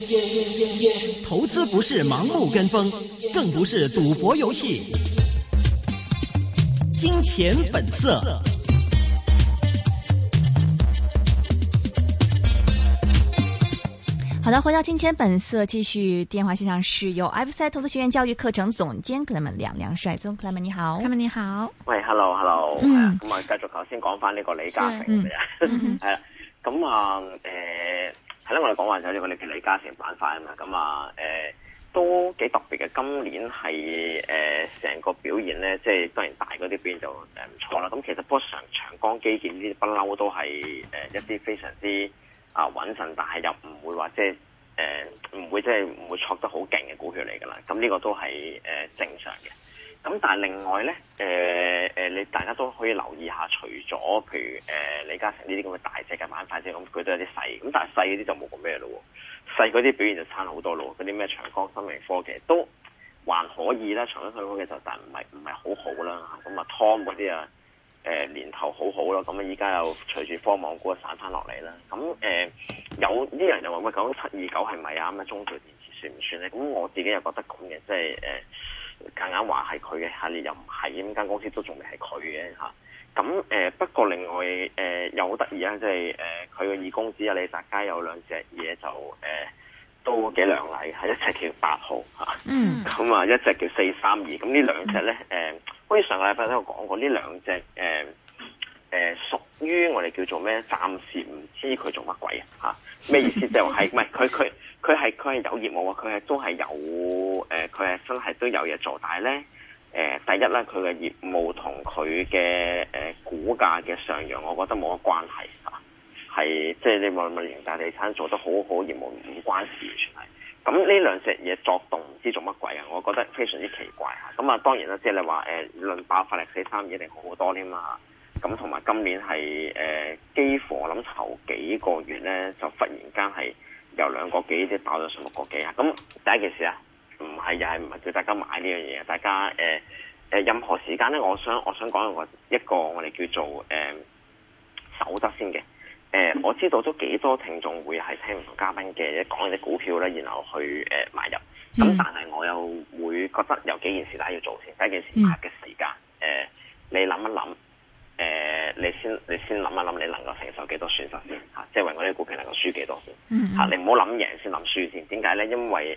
投資不是盲目跟風，更不是賭博遊戲。金錢本色。好的，回到金錢本色，繼續電話線上是由 F C 投資學院教育課程總監 Clement 梁梁帥聰，Clement 你好，Clement 你好，喂，hello hello，咁啊繼續頭先講返呢個李嘉誠嘅啊，係啦、嗯，咁啊誒。 嗯、我哋講話就係呢個你嘅李嘉誠板塊啊嘛，咁啊誒都幾特別嘅。今年係誒成個表現咧，即係當然大嗰啲表現就誒唔錯啦。咁、嗯、其實不長長江基建呢啲不嬲都係誒、呃、一啲非常之啊穩陣，但係又唔會話、呃、即係誒唔會即係唔會挫得好勁嘅股票嚟噶啦。咁、嗯、呢、這個都係誒、呃、正常嘅。咁但係另外咧，誒、呃、誒，你、呃、大家都可以留意下，除咗譬如誒、呃、李嘉誠呢啲咁嘅大隻嘅板塊先，咁佢都有啲細，咁但係細嗰啲就冇咁咩咯喎，細嗰啲表現就差好多咯，嗰啲咩長江生命科技都還可以啦，長江生命科技就但唔係唔係好好啦嚇，咁啊 Tom 嗰啲啊，誒、啊呃、年頭好好咯，咁啊依家又隨住科網股散翻落嚟啦，咁、啊、誒、啊、有啲人就話喂，講七二九係咪啊？咁啊中兆電子算唔算咧？咁我自己又覺得咁嘅，即係誒。呃夾硬話係佢嘅，下年又唔係呢間公司都仲未係佢嘅吓。咁、啊、誒、呃，不過另外誒、呃、又好得意啊，即係誒佢嘅二公子阿李澤楷有兩隻嘢，就誒都、呃、幾亮麗，係一隻叫八號吓，咁啊、mm. 一隻叫四三二。咁、嗯、呢兩隻咧誒，好似上個禮拜都有講過，呢兩隻誒誒屬於我哋叫做咩？暫時唔知佢做乜鬼啊吓，咩意思就係唔係佢佢。 佢係佢係有業務啊！佢係都係有誒，佢、呃、係真係都有嘢做。但係咧誒，第一咧佢嘅業務同佢嘅誒股價嘅上揚，我覺得冇乜關係啊。係即係你問問連大地產做得好好，業務唔關事完全係。咁呢兩隻嘢作動唔知做乜鬼啊！我覺得非常之奇怪啊！咁啊，當然啦，即係你話誒論爆發力四三二一定好多啲嘛？咁同埋今年係誒、呃、幾乎我諗頭幾個月咧，就忽然間係。由兩個幾，即爆咗，上六個幾啊！咁第一件事啊，唔係又係唔係叫大家買呢樣嘢？大家誒誒、呃，任何時間咧，我想我想講我一個我哋叫做誒、呃、守則先嘅誒、呃，我知道都幾多聽眾會係聽唔同嘉賓嘅講一啲股票咧，然後去誒、呃、買入咁，但係我又會覺得有幾件事大家要做先。第一件事，嗯、下嘅時間誒、呃，你諗一諗。誒、呃，你先你先諗一諗，你能夠承受幾多損失先吓、啊，即係我啲股票能夠輸幾多先吓、啊，你唔好諗贏先諗輸先。點解咧？因為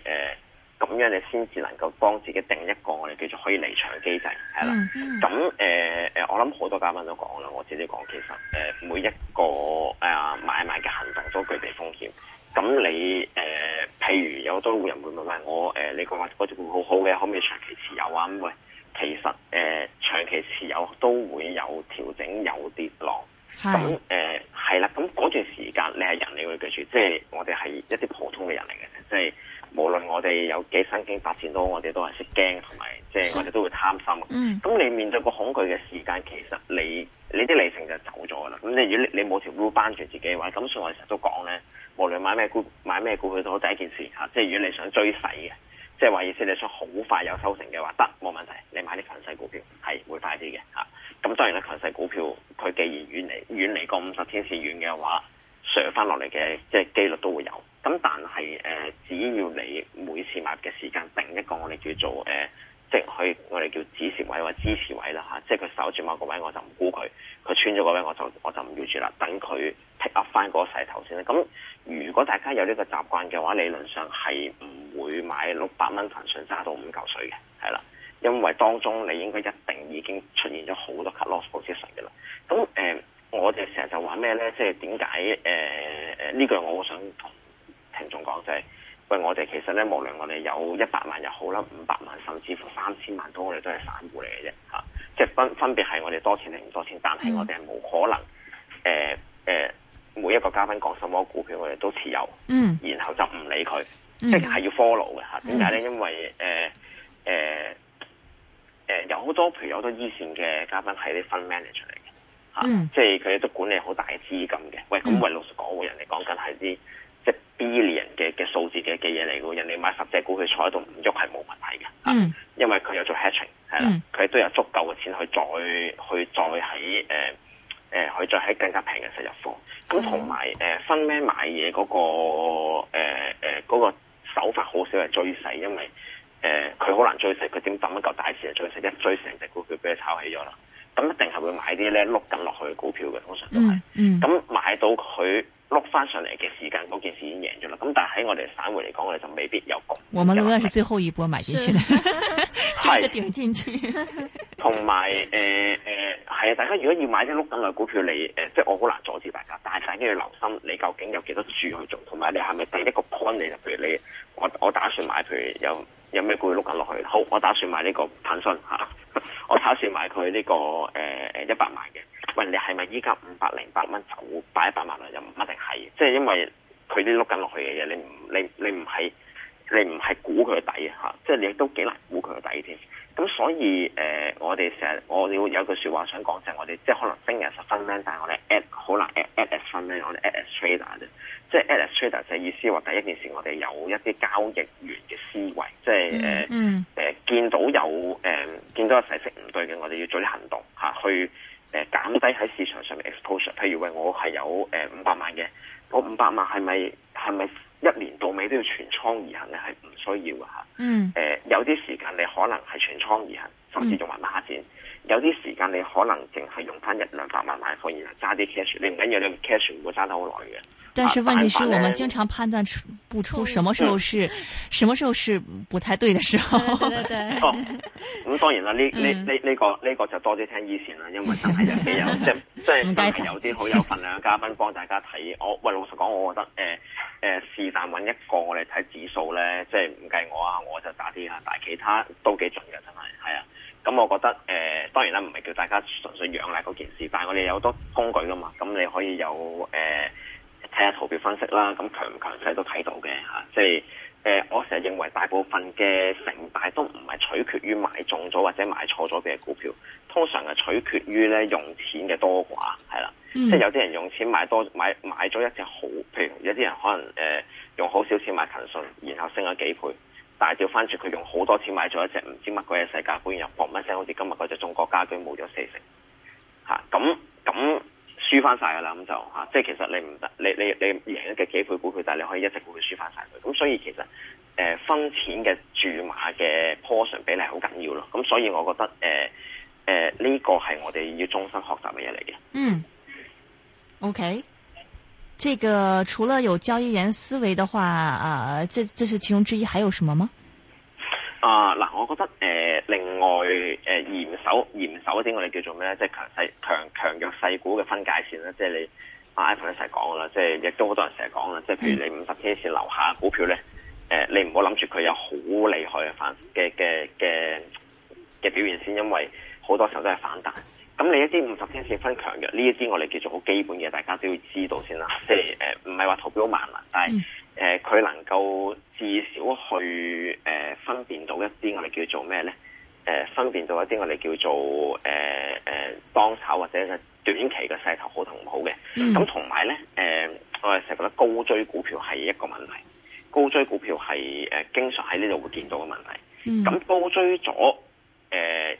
誒，咁、呃、樣你先至能夠幫自己定一個我哋叫做可以離場機制係啦。咁誒誒，我諗好多嘉賓都講啦，我自己講其實誒、呃，每一個誒、呃、買賣嘅行動都具備風險。咁你誒，譬、啊、如有好多戶人會問喂、呃，我誒，你講話嗰隻股票好好嘅，可唔可以長期持有啊？咁喂，其實誒。呃長期持有都會有調整，有跌落咁誒，係啦是。咁嗰、呃、段時間，你係人，你會記住，即係我哋係一啲普通嘅人嚟嘅，即係無論我哋有幾身經百戰都好，我哋都係識驚，同埋即係我哋都會貪心。咁、嗯、你面對個恐懼嘅時間，其實你呢啲理性就走咗啦。咁你如果你冇條 rule 綁住自己嘅話，咁所以我成日都講咧，無論買咩股買咩股票都好，第一件事嚇，即係如果你想追勢嘅，即係話意思你想好快有收成嘅話，得冇問題，你買啲強勢股票。係會快啲嘅嚇，咁、啊、當然咧強勢股票佢既然遠離遠離個五十天線遠嘅話，上翻落嚟嘅即係機率都會有。咁、啊、但係誒、呃，只要你每次買入嘅時間定一個我哋叫做誒、呃，即係可我哋叫止蝕位或支持位啦嚇、啊，即係佢守住某個位我就唔沽佢，佢穿咗個位我就我就唔要住啦，等佢 pick up 翻嗰個勢頭先啦。咁、啊、如果大家有呢個習慣嘅話，理論上係唔會買六百蚊騰訊揸到五嚿水嘅，係啦。因為當中你應該一定已經出現咗好多 cut loss position 嘅啦。咁誒、呃，我哋成日就話咩咧？即係點解誒誒呢個？呃、句我好想同聽眾講就係喂，我哋其實咧，無論我哋有一百萬又好啦，五百萬，甚至乎三千萬多，都我哋都係散戶嚟嘅啫嚇。即係分分別係我哋多錢定唔多錢，但係我哋係冇可能誒誒、呃呃、每一個嘉賓講什麼股票，我哋都持有，嗯，然後就唔理佢，嗯、即係係要 follow 嘅嚇。點解咧？因為誒誒。呃呃呃呃呃、有好多，譬如有好多一線嘅嘉賓係啲 fund manager 嚟嘅，嚇、啊，嗯、即係佢哋都管理好大嘅資金嘅。喂，咁魏、嗯、老實講嘅人嚟講緊係啲即係 billion 嘅嘅數字嘅嘅嘢嚟嘅，人哋買十隻股佢坐喺度唔喐係冇問題嘅，嚇、啊，嗯、因為佢有做 hatching，係啦，佢、嗯、都有足夠嘅錢去再去再喺誒誒去再喺更加平嘅市入貨。咁同埋誒 fund man 買嘢嗰、那個誒誒嗰個手法好少係最細，因為。誒，佢好、呃、難追食，佢點抌一嚿大市啊？追食，一追成隻股票俾佢炒起咗啦，咁一定係會買啲咧碌緊落去嘅股票嘅，通常都係。嗯，咁買到佢碌翻上嚟嘅時間，嗰件事已經贏咗啦。咁但係喺我哋散戶嚟講，我哋就未必有局。我們永遠是最後一波買進去，是 追個點進去。同埋誒誒，係啊、呃呃，大家如果要買啲碌緊嘅股票嚟，誒、呃，即係我好難阻止大家，但係大家要留心，你究竟有幾多注去做，同埋你係咪第一個 point 嚟？就譬如你，我我打算買，譬如有。有咩股會碌緊落去？好、嗯，我打算買呢個騰訊嚇，我打算買佢呢個誒一百萬嘅。喂，你係咪依家五百零八蚊就擺一百萬啊？又唔一定係，即係因為佢啲碌緊落去嘅嘢，你唔你你唔係你唔係估佢嘅底啊嚇！即係你都幾難估佢嘅底添。咁所以誒、呃，我哋成日我哋有有句説話想講就係、是、我哋即係可能盯日十分叻，但係我哋 add 好難 add add 十分叻，我哋 add as trader 啫。即係 add as trader 嘅意思話，第一件事我哋有一啲交易員嘅思維，即係誒誒見到有誒、呃、見到勢色唔對嘅，我哋要做啲行動嚇、啊，去誒減、呃、低喺市場上面 exposure。譬如話我係有誒五百萬嘅，我五百萬係咪係咪？是一年到尾都要全倉而行咧，係唔需要㗎吓。嗯，誒有啲時間你可能係全倉而行，甚至用埋孖展。有啲時間你可能淨係用翻一兩百萬買貨，然後揸啲 cash。你唔緊要，你 cash 唔會揸得好耐嘅。但是問題是，我們經常判斷出不出什麼時候是什麼時候是不太對的時候。哦，咁當然啦，呢呢呢呢個呢個就多啲聽以前啦，因為真係有啲人即即係有啲好有份量嘅嘉賓幫大家睇。我喂，老實講，我覺得誒。誒是但揾一個我哋睇指數咧，即係唔計我啊，我就打啲啊。但係其他都幾準嘅，真係係啊。咁、嗯嗯、我覺得誒、呃，當然啦，唔係叫大家純粹仰賴嗰件事，但係我哋有好多工具噶嘛，咁、嗯、你可以有誒睇下圖表分析啦，咁、嗯、強唔強勢都睇到嘅嚇、啊。即係誒、呃，我成日認為大部分嘅成敗都唔係取決於買中咗或者買錯咗嘅股票，通常係取決於咧用錢嘅多寡，係啦。嗯、即係有啲人用錢買多買買咗一隻好，譬如有啲人可能誒、呃、用好少錢買騰訊，然後升咗幾倍，但係掉翻轉佢用好多錢買咗一隻唔知乜鬼嘢世界股，然後噥一聲好似今日嗰隻中國家居冇咗四成，嚇咁咁輸翻晒㗎啦咁就嚇、啊，即係其實你唔得，你你你贏一隻幾倍股票，但係你可以一直股佢輸翻晒佢，咁、啊、所以其實誒、呃、分錢嘅注碼嘅 portion、嗯、比例好緊要咯，咁、啊、所以我覺得誒誒呢個係我哋要終生學習嘅嘢嚟嘅。嗯。O、okay. K，這個除了有交易員思維嘅話，啊，這這是其中之一，還有什麼嗎？啊，嗱，我覺得誒、呃，另外誒，嚴、呃、守嚴守一啲，我哋叫做咩即係強勢強強弱勢股嘅分界線咧，即係你、啊、阿 Evan 一齊講啦，即係亦都好多人成日講啦，即係譬如你五十天線樓下股票咧，誒、mm. 呃，你唔好諗住佢有好厲害嘅反嘅嘅嘅嘅表現先，因為好多時候都係反彈。咁你一啲五十天線分強弱呢一啲，我哋叫做好基本嘅，大家都要知道先啦。即係誒，唔係話圖表萬能，但係誒，佢、嗯呃、能夠至少去誒、呃、分辨到一啲我哋叫做咩咧？誒、呃、分辨到一啲我哋叫做誒誒、呃、當炒或者係短期嘅勢頭好同唔好嘅。咁同埋咧，誒、呃、我哋成日覺得高追股票係一個問題，高追股票係誒、呃、經常喺呢度會見到嘅問題。咁、嗯、高追咗誒。呃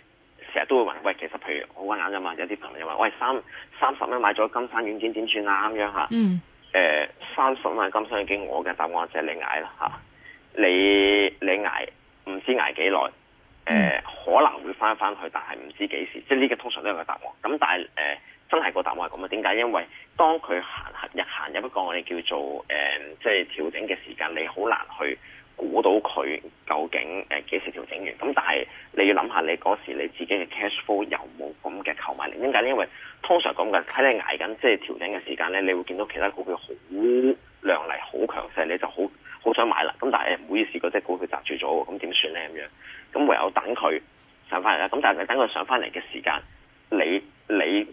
成日都會問，喂，其實譬如好眼眼啊嘛，有啲朋友又話，喂，三三十蚊買咗金山軟件點算啊？咁樣吓，嗯，誒、呃，三十萬金山軟件，我嘅答案就係你捱啦吓，你你捱唔知捱幾耐，誒、呃，可能會返返去，但係唔知幾時，即係呢個通常都有個答案。咁但係誒、呃，真係個答案係咁啊？點解？因為當佢行日行入一個，我哋叫做誒，即、嗯、係、就是、調整嘅時間，你好難去估到佢究竟誒幾、呃、時調整完？咁但係你要諗下，你嗰時你自己嘅 cash flow 有冇咁嘅購買力？點解？因為通常講緊喺你捱緊即係調整嘅時間咧，你會見到其他股票好亮麗、好強勢，你就好好想買啦。咁但係唔好意思，嗰隻股票砸住咗，咁點算咧？咁樣咁唯有等佢上翻嚟啦。咁但係等佢上翻嚟嘅時間，你你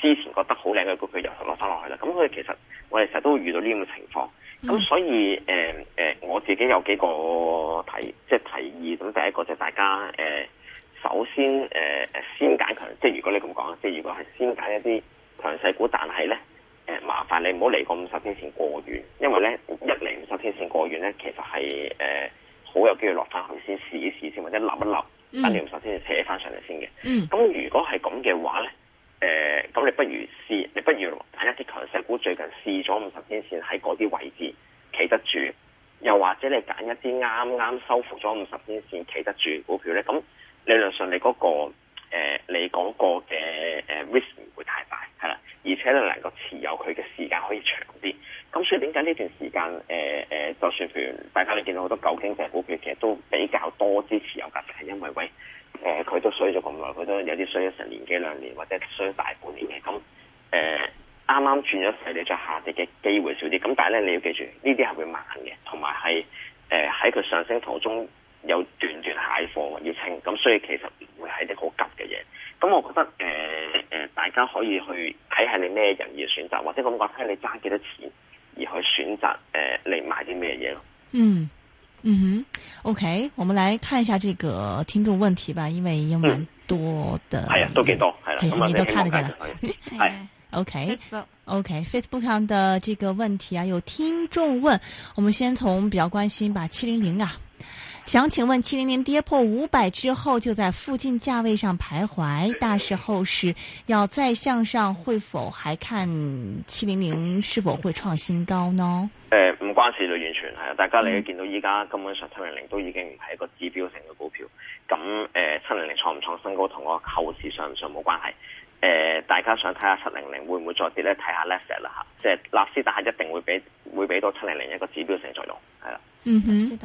之前覺得好靚嘅股票又落翻落去啦。咁佢其實我哋成日都會遇到呢咁嘅情況。咁、嗯嗯、所以誒誒、呃，我自己有幾個提，即係提議。咁第一個就大家誒、呃，首先誒誒、呃，先揀強。即係如果你咁講啊，即係如果係先揀一啲強勢股，但係咧誒，麻煩你唔好嚟過五十天線過遠，因為咧一嚟五十天線過遠咧，其實係誒、呃、好有機會落翻去先試一試先，或者留一留，等你五十天線扯翻上嚟先嘅。嗯。咁如果係咁嘅話咧。誒，咁、呃、你不如試，你不如揀一啲強勢股，最近試咗五十天線喺嗰啲位置企得住，又或者你揀一啲啱啱收復咗五十天線企得住股票咧，咁理論上你嗰、嗰個誒、呃，你嗰個嘅誒 risk 唔會太大，係啦，而且咧能夠持有佢嘅時間可以長啲，咁所以點解呢段時間誒誒，就算譬如大家你見到好多舊經濟股票，其實都比較多支持有價值，係因為喂。佢都衰咗咁耐，佢都有啲衰咗成年幾兩年或者衰咗大半年嘅，咁誒啱啱轉咗勢，你再下跌嘅機會少啲。咁但係咧，你要記住，呢啲係會慢嘅，同埋係誒喺佢上升途中有段段蟹貨要清，咁所以其實唔會係啲好急嘅嘢。咁我覺得誒誒，大家可以去睇下你咩人要選擇，或者咁講睇下你揸幾多錢而去選擇誒嚟買啲咩嘢咯。嗯。嗯哼，OK，我們來看一下這個聽眾問題吧，因為有蠻多的，係呀、嗯，哎、都幾多，係你、哎、都看、哎、得見了，係，OK，OK，Facebook 上的這個問題啊，有聽眾問，我們先從比較關心吧，七零零啊。想請問七零零跌破五百之後，就在附近價位上徘徊，大市後市要再向上，會否還看七零零是否會創新高呢？誒、呃，唔關事就完全係，大家你見到依家、嗯、根本上七零零都已經唔係一個指標性嘅股票，咁誒七零零創唔創新高同我後市上唔上冇關係，誒、呃，大家想睇下七零零會唔會再跌咧，睇下 level 啦吓，即係納斯達克一定會俾會俾到七零零一個指標性作用。嗯哼，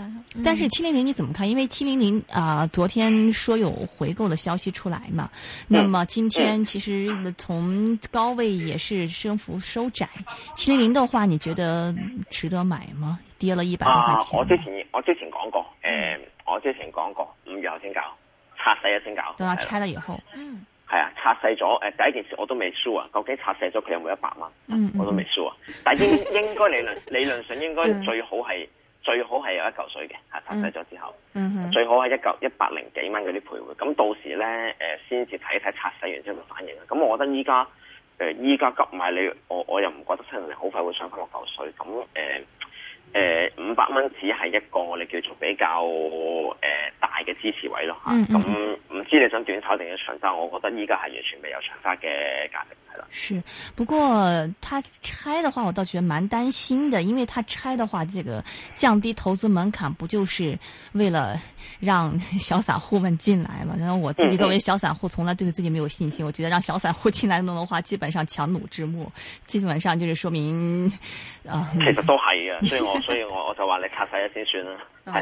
但是七零零你怎麼看？因為七零零啊，昨天說有回購的消息出來嘛、嗯，那麼今天其實從高位也是升幅收窄。七零零的話，你覺得值得買嗎？跌了一百多塊錢、啊。我之前我之前講過，誒，我之前講過，五、呃、月後先搞，拆細咗先搞。等到、啊、拆了以後，嗯，係啊，拆細咗，誒、呃，第一件事我都未輸啊，究竟拆細咗佢有冇一百蚊？嗯嗯，我都未輸啊，嗯、但應應該理論 理論上應該最好係。最好係有一嚿水嘅，嚇拆細咗之後，最好係一嚿一百零幾蚊嗰啲配會。咁到時咧，誒、呃、先至睇一睇拆細完之後嘅反應啦。咁我覺得依家，誒依家急埋你，我我又唔覺得新能源好快會上翻落嚿水，咁誒。呃誒五百蚊只係一個我哋叫做比較誒、呃、大嘅支持位咯吓，咁唔、嗯嗯、知你想短炒定係長揸？我覺得依家係完全未有長揸嘅價值係啦。是不過他拆的話我倒覺得蠻擔心的，因為他拆的話這個降低投資門檻不就是為了讓小散戶們進來嘛？因為我自己作為小散戶，從來對自己沒有信心，嗯嗯我覺得讓小散戶進來弄的話基本上強弩之末，基本上就是說明啊。呃、其實都係啊，所以我。 所以我我就話你卡晒一先算啦、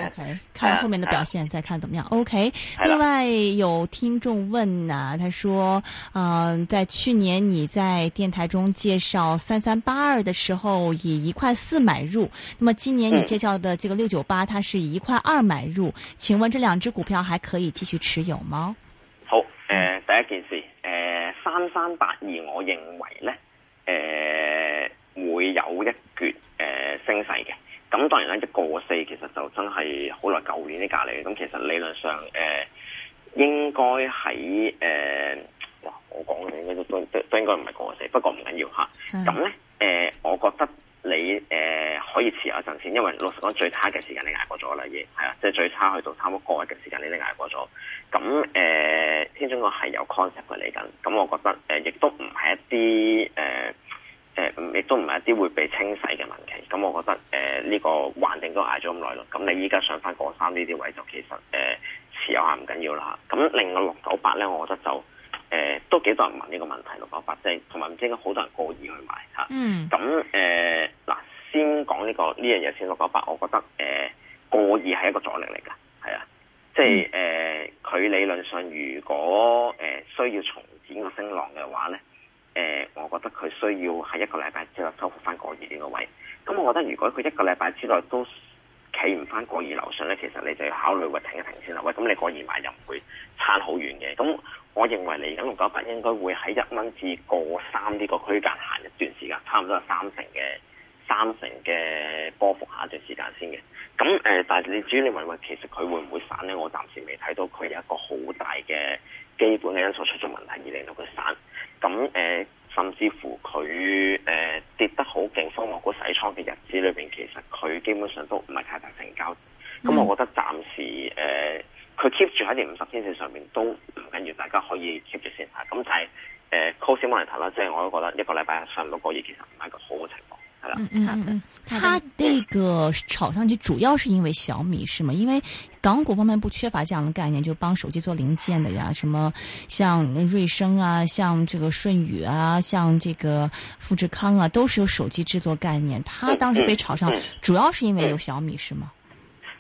oh,，OK，看後面的表現再看怎麼樣。OK，另外有聽眾問啊，他說，嗯、呃，在去年你在電台中介紹三三八二的時候以一塊四買入，那麼今年你介紹的這個六九八，它是一塊二買入，嗯、請問這兩隻股票還可以繼續持有嗎？好，誒、呃，第一件事，誒、呃，三三八二我認為呢，誒、呃，會有一段誒升勢嘅。呃星星咁當然啦，一個過四其實就真係好耐舊年啲隔離。咁其實理論上，誒、呃、應該喺誒、呃，哇！我講嘅應該都都都應該唔係過四，不過唔緊要嚇。咁咧的，誒、呃，我覺得你誒、呃、可以持有一陣先，因為老實講最差嘅時間你捱過咗啦，亦係啦，即係最差去到差唔多過一嘅時間你都捱過咗。咁誒、呃，天津股係有 concept 嘅嚟緊，咁我覺得誒、呃、亦都唔係一啲誒。呃亦都唔係一啲會被清洗嘅問題，咁我覺得誒呢、呃這個環境都捱咗咁耐咯。咁你依家上翻過三呢啲位就其實誒、呃、持有下唔緊要啦。咁另外六九八咧，我覺得就誒、呃、都幾多人問呢個問題六九八，即係同埋唔知解好多人過意去買吓。嗯、mm.。咁誒嗱，先講呢、這個呢樣嘢先。六九八，這個、98，我覺得誒、呃、過意係一個阻力嚟㗎，係啊，即係誒佢理論上如果誒、呃、需要重展個升浪嘅話咧。我覺得佢需要喺一個禮拜之內收復翻過二呢個位。咁、嗯、我覺得如果佢一個禮拜之內都企唔翻過二樓上咧，其實你就要考慮會停一停先啦。喂，咁你過二買又唔會差好遠嘅。咁、嗯、我認為你咁六九八應該會喺一蚊至過三呢個區間行一段時間，差唔多係三成嘅三成嘅波幅一下一段時間先嘅。咁、嗯、誒、呃，但係你主要你問問，其實佢會唔會散咧？我暫時未睇到佢有一個好大嘅基本嘅因素出咗問題而令到佢散。咁、嗯、誒。呃甚至乎佢誒、呃、跌得好勁，生物科技洗倉嘅日子裏邊，其實佢基本上都唔係太大成交。咁、嗯、我覺得暫時誒，佢 keep 住喺呢五十天線上面都唔緊要，大家可以 keep 住先吓。咁、呃、就係誒，call 小我嚟睇啦。即係我都覺得一個禮拜十六個月其實唔係一個好嘅情況。嗯，嗯，的、嗯。他那個炒上去主要是因為小米是嗎？因為港股方面不缺乏這樣的概念，就幫、是、手機做零件的呀，什麼像瑞聲啊，像這個舜宇啊，像這個富士康啊，都是有手機製作概念。他當時被炒上，主要是因為有小米是嗎？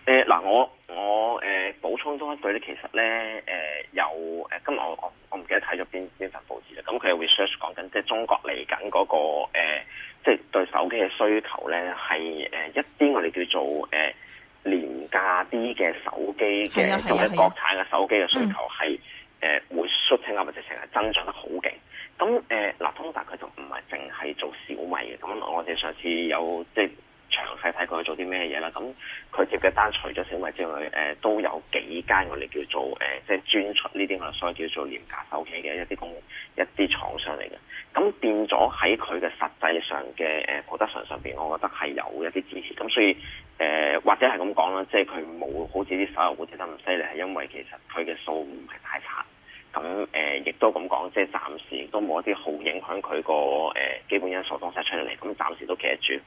誒、嗯，嗱、嗯嗯嗯嗯嗯呃，我我誒補、呃、充多一句呢，其實呢，誒由誒今日我我唔記得睇咗邊邊份報紙啦，咁、嗯、佢嘅 research 講緊即係中國嚟緊嗰個誒。呃手機嘅需求咧係誒一啲我哋叫做誒、呃、廉價啲嘅手機嘅，或者、啊啊啊啊、國產嘅手機嘅需求係誒會縮㖏，或者成日增長得好勁。咁誒嗱，通達佢就唔係淨係做小米嘅。咁我哋上次有即係。詳細睇佢做啲咩嘢啦，咁佢接嘅單除咗小米之外，誒、呃、都有幾間我哋叫做誒、呃、即係專出呢啲我所謂叫做廉價手機嘅一啲公一啲廠商嚟嘅，咁變咗喺佢嘅實際上嘅誒覺得上上邊，我覺得係有一啲支持。咁所以誒、呃、或者係咁講啦，即係佢冇好似啲石油股跌得咁犀利，係因為其實佢嘅數唔係太差。咁誒亦都咁講，即係暫時都冇一啲好影響佢個誒基本因素東西出嚟，咁暫時都企得住。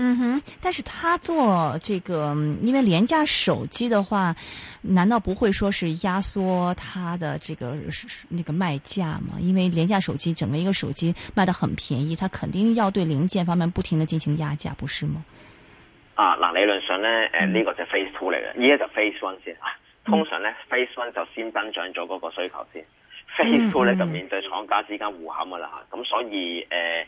嗯哼，但是他做這個，因為廉價手機的話，難道不會說是壓縮他的這個那、這個賣價嗎？因為廉價手機整個一個手機賣得很便宜，他肯定要對零件方面不停的進行壓價，不是嗎？啊，嗱，理論上咧，誒、呃，呢、嗯這個就是 Face Two 嚟嘅，依家就 Face One 先啊。通常咧，Face One 就先增長咗嗰個需求先嗯嗯，Face Two 咧就面對廠家之間互砍嘅啦，咁、啊、所以誒。呃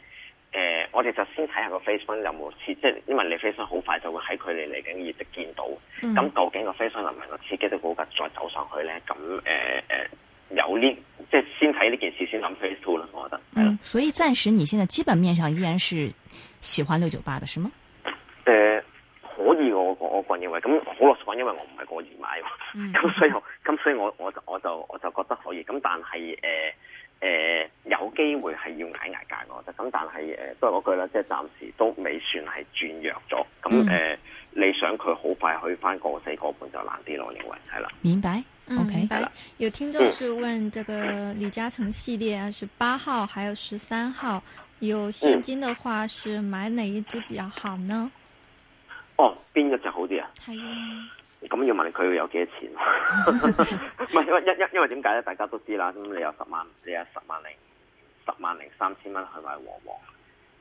誒、呃，我哋就先睇下個 Facebook 有冇刺，即係因為你 Facebook 好快就會喺佢哋嚟緊嘅業績見到，咁、嗯、究竟個 Facebook 能唔能夠刺激到股價再走上去咧？咁誒誒，有呢，即係先睇呢件事先諗 Facebook 啦，我覺得。係嗯，所以暫時你現在基本面上依然是喜歡六九八嘅，是嗎？誒、呃，可以，我我個人認為，咁好老實講，因為我唔係個人買，咁所以，咁、嗯、 所以我所以我，我就我就我就覺得可以，咁但係誒誒，有機會係要挨。都係嗰句啦，即係暫時都未算係轉弱咗。咁誒，你、嗯呃、想佢好快去翻過四個半就難啲咯。我認為係啦。明白，OK、嗯的。有聽眾是問這個李嘉誠系列啊，是八號，還有十三號，有現金的話是買哪一支比較好呢？嗯、哦，邊一隻好啲啊？係啊、哎呀。咁要問佢有幾多錢？唔 因為因點解咧？大家都知啦。咁你有十萬，你有十萬零十萬零三千蚊去買和黃。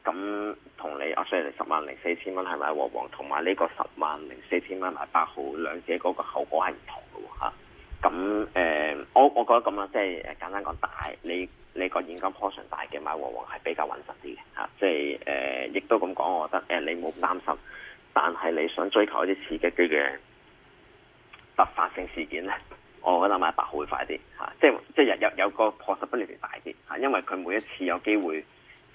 咁同你押上嚟十萬零四千蚊係買和黃，同埋呢個十萬零四千蚊買八號，兩者嗰個後果係唔同嘅吓。咁、啊、誒、呃，我我覺得咁啊，即係簡單講，大你你個現金 portion 大嘅買和黃係比較穩陣啲嘅吓。即係誒，亦都咁講，我覺得誒、就是，你冇擔、啊就是呃呃、心。但係你想追求一啲刺激嘅突發性事件咧，我覺得買八號會快啲吓。即係即係有有有個 probability 大啲吓、啊，因為佢每一次有機會。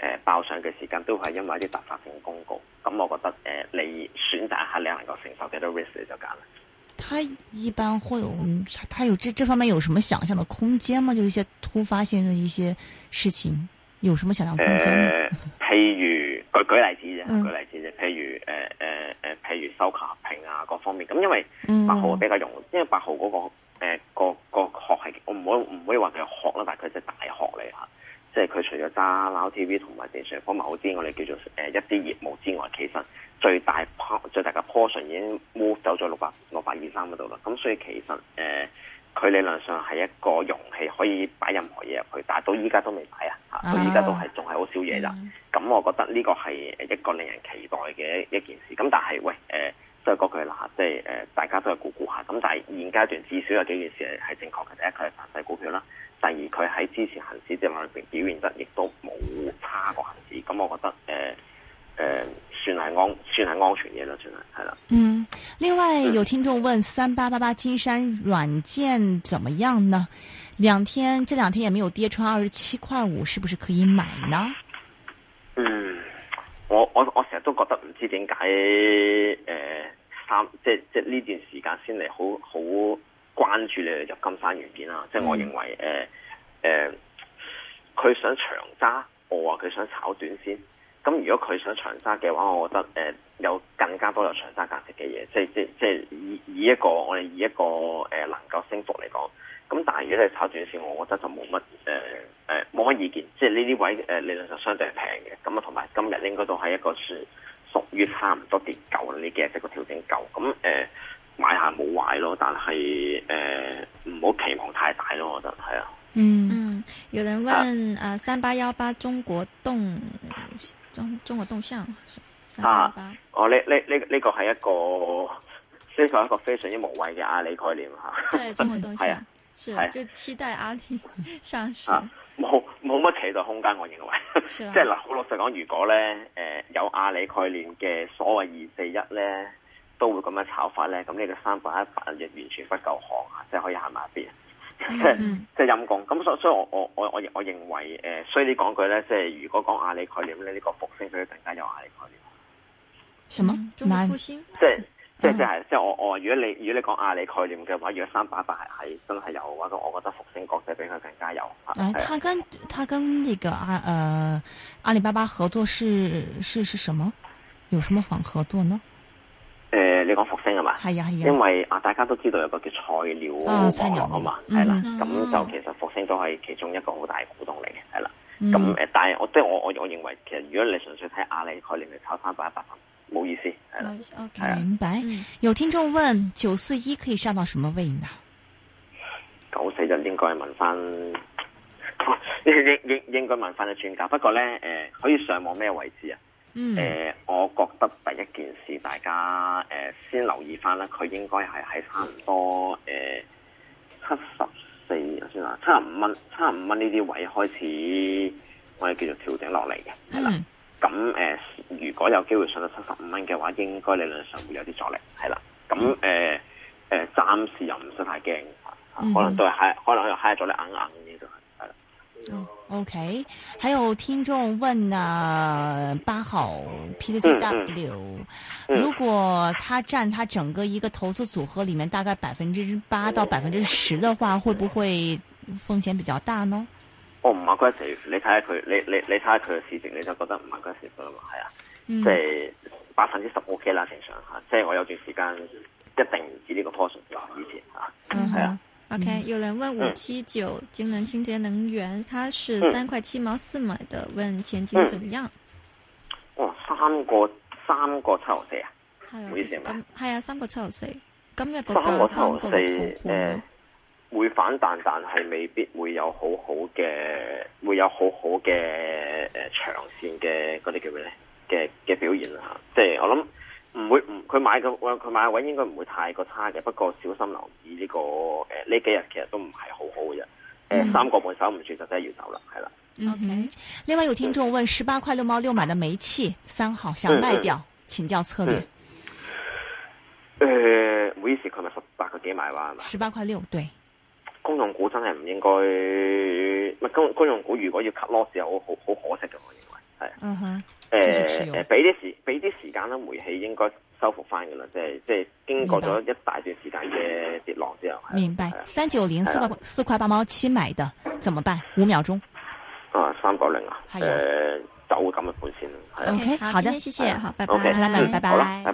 誒、呃，爆上嘅時間都係因為一啲突發性公告，咁、嗯、我覺得誒、呃，你選擇下你能夠承受幾多 risk 你就揀啦。他一般會有，他有，有這這方面有什麼想象的空間嗎？就一些突發性的一些事情，有什麼想象空間嗎？誒、呃，譬如舉舉例子啫，舉例子啫，嗯、譬如誒誒誒，譬如收購合併啊，各方面咁、嗯嗯，因為八號比較容，因為八號嗰個誒個個學系，我唔可唔可以話佢學啦，但係佢係大學嚟啊。即係佢除咗渣撈 TV 同埋電視方某啲，我哋叫做誒、呃、一啲業務之外，其實最大最大嘅 portion 已經 move 走咗六百六百二三度啦。咁、嗯、所以其實誒，佢、呃、理論上係一個容器，可以擺任何嘢入去，但係到依家都未擺啊！嚇，到依家都係仲係好少嘢啦。咁、嗯嗯、我覺得呢個係一個令人期待嘅一件事。咁、嗯、但係喂誒，再、呃、講句啦，即係誒、呃，大家都係估估下。咁但係現階段至少有幾件事係係正確嘅，第一，佢係泛勢股票。支持行市即係我哋表現得亦都冇差過行市，咁我覺得誒誒算係安算係安全嘢啦，算係係啦。嗯，另外有聽眾問：三八八八金山軟件怎麼樣呢？兩天，這兩天也沒有跌穿二十七塊五，是不是可以買呢？嗯，我我我成日都覺得唔知點解誒三，即即呢段時間先嚟好好關注咧入金山軟件啦，即係我認為誒。呃誒，佢、呃、想長揸，我話佢想炒短線。咁如果佢想長揸嘅話，我覺得誒、呃、有更加多有長揸價值嘅嘢。即即即以以一個我哋以一個誒、呃、能夠升幅嚟講，咁但係如果你係炒短線，我覺得就冇乜誒誒冇乜意見。即呢啲位誒、呃、理論上相對係平嘅。咁啊，同埋今日應該都係一個屬屬於差唔多跌夠呢幾日即個調整夠。咁、嗯、誒、呃、買下冇壞咯，但係誒唔好期望太大咯。我覺得係啊。嗯，嗯，有人問啊，三八一八中國動中中國動向，三八一八哦，呢呢呢呢個係一個呢、呢個係一個非常之無謂嘅阿里概念吓。係、啊、中國動向，係係就期待阿里上市。冇冇乜期待空間，我認為。即係嗱，好 老實講，如果咧誒、呃、有阿里概念嘅所謂二四一咧，都會咁樣炒法咧，咁呢個三八一八亦完全不夠行啊，即、就、係、是、可以。 即係即係陰功，咁、嗯、所、嗯嗯、所以我我我我我認為誒、呃，所以你講句咧，即係如果講阿里概念咧，呢個復星佢更加有阿里概念。什麼？中國復星，即係即係即係，即係我我如果你如果你講阿里概念嘅話，如果三百八係係真係有嘅話，咁我覺得際復星國際比佢更加有。吓。誒、哎，他跟是他跟呢個阿誒、呃、阿里巴巴合作是是是什麼？有什麼反合作呢？誒、呃，你講復星啊嘛？係啊係啊，因為啊、呃，大家都知道有個叫菜鳥啊，菜鳥啊嘛，係吧、嗯、啦，咁、嗯、就其實復星都係其中一個好大股東嚟嘅，係啦，咁誒、嗯呃，但係我即係我我我認為，其實如果你純粹睇阿里概念，可能你炒三百一百份冇意思，係啦，係啊。Okay, 啦明白。有聽眾問九四一可以上到什麼位呢？九四一應該問翻 應應應應該問翻啲專家，不過咧誒、呃，可以上網咩位置啊？嗯，誒、mm hmm. 呃、我覺得第一件事，大家誒、呃、先留意翻啦，佢應該係喺差唔多誒、mm hmm. 呃、七十四，我先話七十五蚊，七十五蚊呢啲位開始，我哋叫做調整落嚟嘅，係啦。咁誒如果有機會上到七十五蚊嘅話，應該理論上會有啲阻力，係啦。咁誒誒暫時又唔使太驚、啊，可能都係係，可能又係阻力硬硬。嗯、oh,，OK。還有聽眾問啊，八號 PCCW，、嗯嗯、如果它占它整個一個投資組合裏面大概百分之八到百分之十的話，嗯、會不會風險比較大呢？哦唔係關鍵，你睇下佢，你你你睇下佢嘅市值，你就覺得唔係關鍵啦嘛，係啊，嗯、即係百分之十 OK 啦，正常吓。即係我有段時間一定唔止呢個 portion 以前啊，係啊、uh。Huh. OK，有人問五七九京能清潔能源，它是三塊七毛四買的，嗯、問前景怎麼樣？哦，三個三個七毫四啊？係啊，咁係啊，三個七毫四，啊。今日個三個七毫四誒，會反彈，但係未必會有好好嘅，會有好好嘅誒長線嘅嗰啲叫咩咧？嘅嘅表現啊，即係我諗。唔會唔佢買嘅，佢買嘅位應該唔會太過差嘅，不過小心留意呢、這個誒呢、呃、幾日其實都唔係好好嘅，誒、呃嗯、三個門守唔住就真係要走啦，係啦。OK，另外有聽眾問：嗯、十八塊六毛六買嘅煤氣三號想賣掉，嗯嗯、請教策略。誒、嗯，嗰時佢咪十八個幾買話？十八塊六對。公用股真係唔應該，唔公公，公，公，公，公，公用股如果要 cut loss 好好好可惜嘅。嗯哼，誒誒，俾啲時俾啲時間啦，煤氣應該修復翻噶啦，即係即係經過咗一大段時間嘅跌落之後。明白。三九零四個四塊八毛七買的，怎麼辦？五秒鐘。啊，三九零啊，係誒，走咁日半先。O K，好的，謝謝，好，拜拜，啦，拜拜。